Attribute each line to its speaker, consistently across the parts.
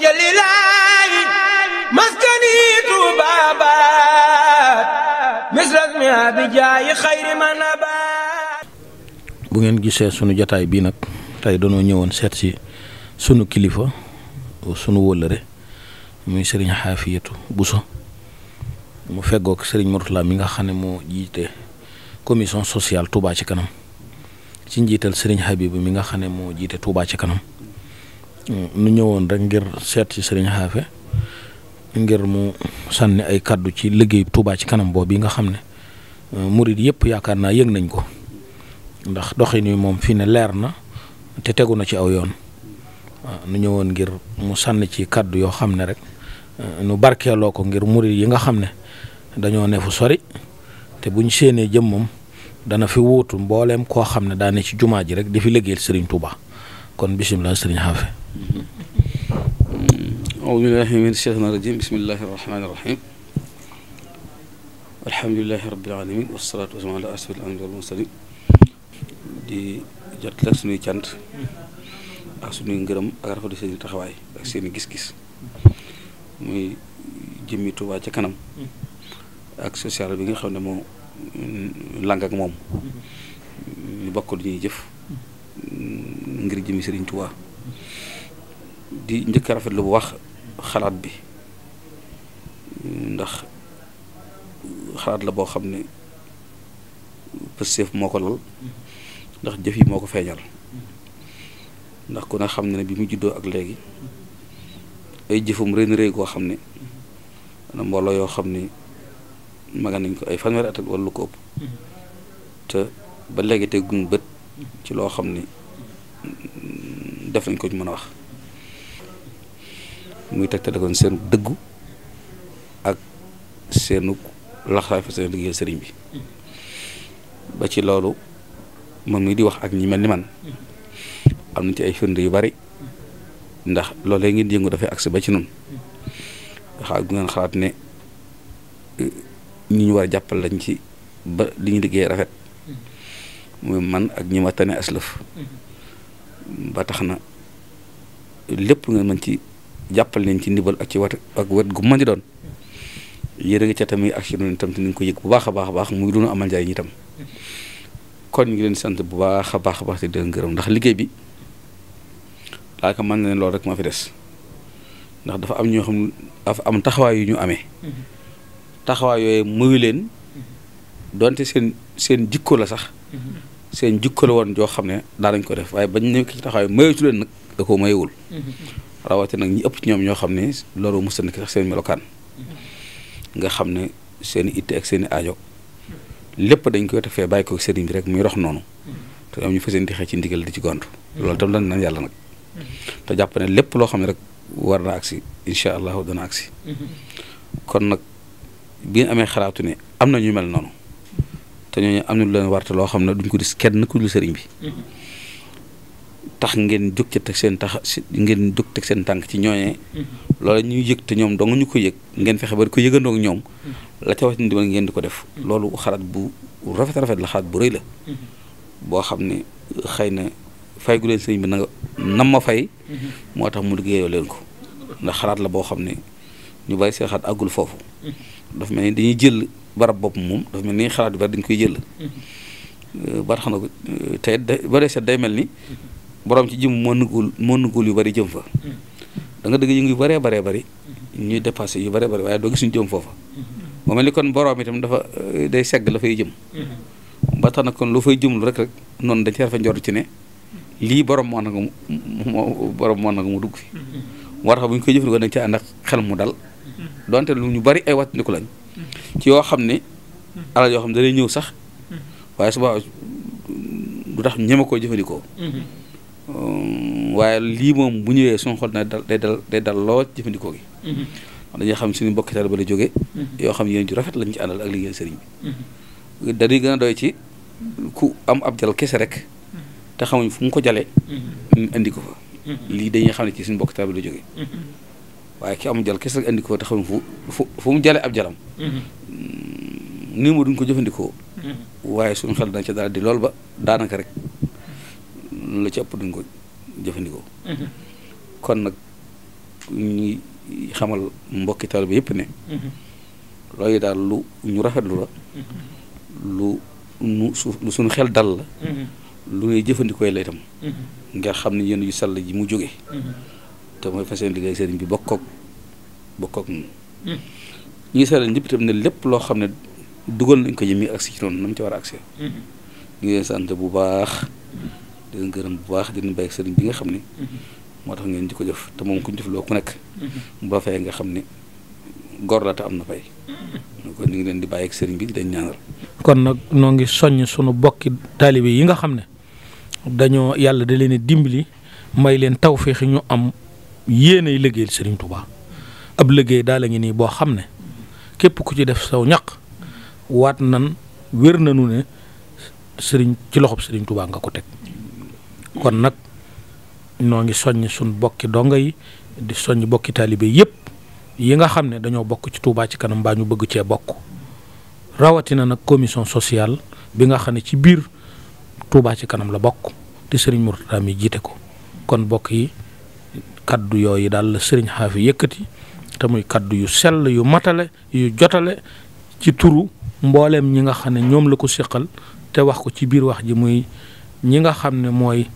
Speaker 1: jalilaay maskani Tuuba bu ngeen gisee sunu jataay bii nag tey danoo ñëwoon seet si sunu kilifa sunu wëllëre muy sëriñ Xaafiyatu Buso mu feggoog sëriñ Murtala mi nga xam ne moo jiite commission sociale Touba ci kanam ci njiital sëriñ Habibu mi nga xam ne moo jiite tuubaa ci kanam nu ñëwoon rek ngir seet ci sëriñ Xaafe ngir mu sànni ay kàddu ci liggéey Touba ci kanam boobu yi nga xam ne euh, murid yëpp yaakaar naa yëg nañ ko ndax doxin wi moom fii ne leer na te tegu na ci aw yoon nu ñëwoon ngir mu sànni ci kàddu yoo xam ne rek euh, nu barkeeloo ko ngir murid yi nga xam ne dañoo ne fu sori te buñ séenee jëmmam dana fi wuutu mbooleem koo xam ne daa ci jumaa ji rek di fi liggéeyal sëriñ Touba. kon bisimilah sëriñ Xaafe
Speaker 2: aoudubillahi min sheytaan rajim bismillahi di jot la suñuy cant ak suñuy ngërëm ak rafetlu seen taxawaay ak seen gis-gis muy jëmmi Tuubaa ca kanam ak social bi nga xam ne moo mm, làng moom mm-hmm. ñu bokk ñuy jëf ngir jëmi Serigne Touba di njëkk rafet lu bu wax xalaat bi ndax xalaat la boo xam ne pësteef moo ko lal ndax jëf yi moo ko feeñal ndax ku ne xam ne ne bi mu juddoo ak léegi ay jëfum reen rëy goo xam ne ana mbooloo yoo xam ne maga ko ay fanweeri at wala lu ko ëpp mm-hmm. te ba léegi te guñ bët ci loo xam ne defañ nañ ko ñu mën a wax muy teg kon seen dëggu ak seenu laxaay fa seen liggéey sëriñ bi ba ci loolu man mii di wax ak ñi mel ni man am na ci ay firnde yu bari ndax loolu loolee ngeen yëngu dafay agsi ba ci noonu xaar gu ngeen xalaat ne eh, ñi ñu war a jàppal lañ ci ba li ñu liggéey rafet muy man ak ñi ma tane aslëf ba tax na lépp nga mën ci jàppal leen ci ndibal ak ci wat ak wat gu man di doon yéen a ngi ca tamit ak si noonu itam te ni ko yëg bu baax a baax a baax muy lu nu amal njaay ñi tam kon ñu ngi leen sant bu baax a baax a baax te di leen gërëm ndax liggéey bi laa ko mën na lool rek moo fi des ndax dafa am ñoo xam am taxawaay yu ñu amee taxawaay yooyu muyu leen mm-hmm. donte seen seen jikko la sax mm-hmm. seen jukka la woon joo xam ne daal nañ ko def waaye bañ nekk ci taxawaay mayeetu leen nag da ko mayewul mm-hmm. rawate nag ñi ëpp ci ñoom ñoo xam ne loolu mu nekk sax seen melokaan mm-hmm. nga xam ne seen i itte ak lépp dañ koy tefee bàyyi ko sëriñ bi rek muy rox noonu mm-hmm. te am ñu fa seen di xee ci ndigal di ci gont loolu tam lan nan yàlla nag te jàpp ne lépp loo xam ne rek war na agsi incha allahu dana agsi kon nag bi amee xalaatu ne am na ñu mel noonu te ñooñu am na lu leen warte loo xam ne duñ ko gis kenn ku dul sëriñ bi mhm. tax ngeen jóg ci teg seen tax ngeen jóg teg seen tànk ci ñooñee mhm. loolu ñuy yëg te ñoom dong ñu ko yëg ngeen fexe ba ko yëgandoo ak ñoom mhm. la ca wax ni dimal ngeen di ko def loolu xalaat bu rafet rafet la xalaat bu rëy la boo xam ne xëy na fay gu leen sëriñ bi nanga nam ma fay moo tax mu liggéeyoo leen ko ndax xalaat la boo xam ne ñu bari seen xalaat àggul foofu dafa mel ni dañuy barab bopp moom dafa mel ni xalaat yu bari dañ koy jël. ba tax na te ba dee set day mel ni mm-hmm. borom ci jëm moo nugul moo nugul yu bari jëm fa. Mm-hmm. da nga dëgg yëngu yu bëree baree bëri mm-hmm. ñuy dépassé yu bëree bëri waaye doo gis ñu jëm foofa. moo mel ni kon borom itam dafa eh, day segg la fay jëm. ba tax na kon lu fay jëmlu rek rek noonu dañ ci rafet njort ci ne lii borom moo nag mu borom moo nag mu dugg fi. moo tax bu ñu koy jëfandikoo dañ ci ànd xel mu dal. donte lu ñu bari ay wattandiku ci yoo xam ne alal yoo xam ne da lay ñëw sax waaye suba du tax ñeme koo jëfandikoo waaye lii moom bu ñëwee suñu xol na dal day dal day dal lool jëfandikoo xam suñu mbokki la jógee yoo xam ne yéen ju rafet bi dañuy a doy ci ku am ab jal ko jale indi ko fa lii dañuy xam ne ci suñu mbokki taal ba la jógee waaye ki am jal kese rek indi fa te xamuñ fu fu mu jale ab jalam nii ma duñ ko jëfandikoo mm-hmm. waaye suñu xel dañ ca daal di lool ba daanaka rek lu ci ëpp duñ ko jëfandikoo mm-hmm. kon nag ñuy xamal mbokki taalibe yëpp ne mm-hmm. loolu daal lu ñu rafetlu la lu nu su lu suñu xel dal la lu ñuy jëfandikoo la itam nga xam ne yéen yu sell ji mu jóge te mooy fas yéene liggéey sëriñ bi bokkook bokkook ñun ñuy sell ñëpp itam ne lépp loo xam ne dugal nañ ko jëmi agsi ci noonu na mu ci war a agsi mhm. ñu ngi leen sant bu baax di leen gërëm bu baax di leen bàyyi sëriñ bi nga xam ni mhm. moo tax ngeen di ko jëf te moom ku ñu jëf loo ku nekk mhm. ba fay nga xam ni gor la te am na fay kon ñu ngi leen di bàyyi
Speaker 1: sëriñ bi di leen kon nag noo ngi soññ sunu bokki taalibe yi nga xam ne dañoo yàlla da leen dimbali may leen taw tawféex ñu am yéenay liggéeyal sëriñ tubaa ab liggéey daal la ngi nii boo xam ne képp ku ci def sew ñaq waat nan wér nanu ne sëriñ ci loxob sëriñ Tuubaa nga ko teg kon nag noo ngi soññ suñ bokki donga yi di soññ bokki taalibe yépp yi nga xam ne dañoo bokk ci Tuubaa ci kanam baa ñu bëgg cee bokk rawatina nag commission sociale bi nga xam ne ci biir Tuubaa ci kanam la bokk te sëriñ Murtada mi jiite ko kon bokk yi kaddu yooyu daal la sëriñ Xaafi yëkkati te muy kaddu yu sell yu matale yu jotale ci turu mbooleem ñi nga xam ne ñoom la ko séqal te wax ko ci biir wax ji muy ñi nga xam ne mooy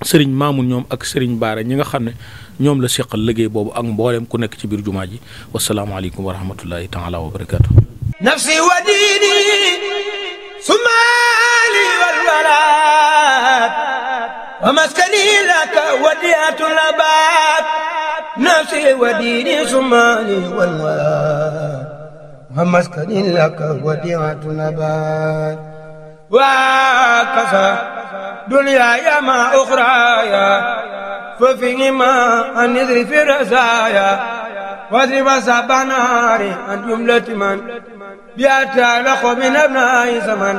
Speaker 1: sëriñ Maamun ñoom ak sëriñ baare ñi nga xam ne ñoom la séqal liggéey boobu ak mbooleem ku nekk ci biir jumaa ji wasalaamaaleykum wa rahmatullahi taala wa barakaatu nafsi wa diini sumaali wal walaat فمسكن لك وديعة نبات وكفى دنياي ما أخرايا ففيهما أن يذري في الرزايا واضرب سبع ناري عن جملة من بأتى لخو من أبناء زمن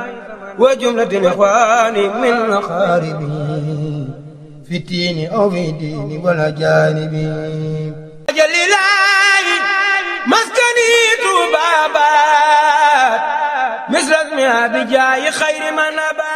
Speaker 1: وجملة إخواني من أقاربي في التين أو في ديني ولا جانبي اباد مثل اسمها بجاي خير من اباد